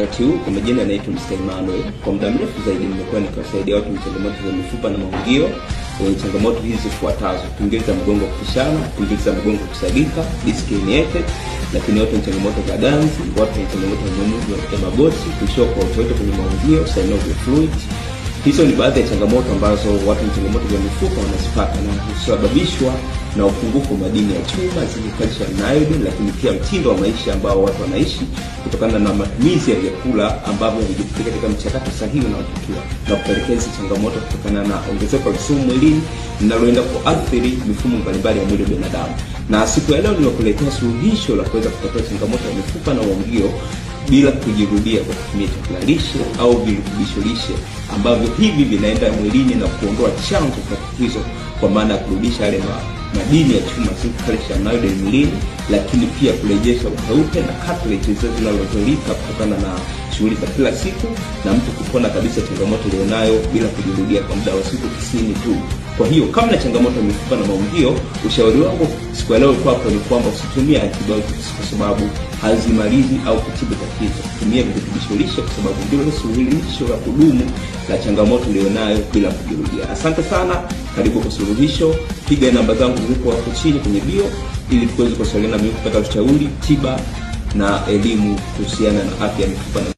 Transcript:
Wakati huu kwa majina yanaitwa Mr. Emmanuel. Kwa muda mrefu zaidi nimekuwa nikiwasaidia watu wenye changamoto za mifupa na maungio wenye changamoto hizi zifuatazo: pingili za mgongo kupishana, pingili za mgongo kusagika, diski herniated, lakini watu wenye changamoto za ganzi, watu wenye changamoto za maumivu ya magoti, kuishiwa kwa utoto kwenye maungio, synovial fluid. Hizo ni baadhi ya changamoto ambazo watu wenye changamoto za mifupa wanazipata na husababishwa na upungufu wa madini ya chuma zilizokuwa na iodine, lakini pia mtindo wa maisha ambao watu wanaishi kutokana na matumizi ya vyakula ambavyo havijapitia katika mchakato sahihi unaotakiwa na kupelekea hizi changamoto kutokana na ongezeko la sumu mwilini linaloenda kuathiri mifumo mbalimbali ya mwili wa binadamu. Na siku ya leo niwakuletea suluhisho la kuweza kutatua changamoto ya mifupa na uongio bila kujirudia kwa kutumia chakula lishe au virutubisho lishe ambavyo hivi vinaenda mwilini na kuondoa chanzo cha tatizo, kwa maana ya kurudisha yale madini ya chuma calcium mwilini, lakini pia kurejesha utaute na cartilage zile zinazozulika kutokana na shughuli za kila siku, na mtu kupona kabisa changamoto ulionayo bila kujirudia kwa muda wa siku tisini tu. Kwa hiyo kama na changamoto ya mifupa na maungio ushauri wangu siku ya leo kwako ni kwamba usitumie antibiotics kwa sababu hazimalizi au kutibu tatizo. Tumia virutubisho lishe kwa sababu ndio suluhisho la kudumu la changamoto ulionayo bila kujirudia. Asante sana, karibu kwa suluhisho. Piga namba zangu zilipo hapo chini kwenye bio ili tuweze kuwasiliana na mimi kupata ushauri, tiba na elimu kuhusiana na afya ya mifupa.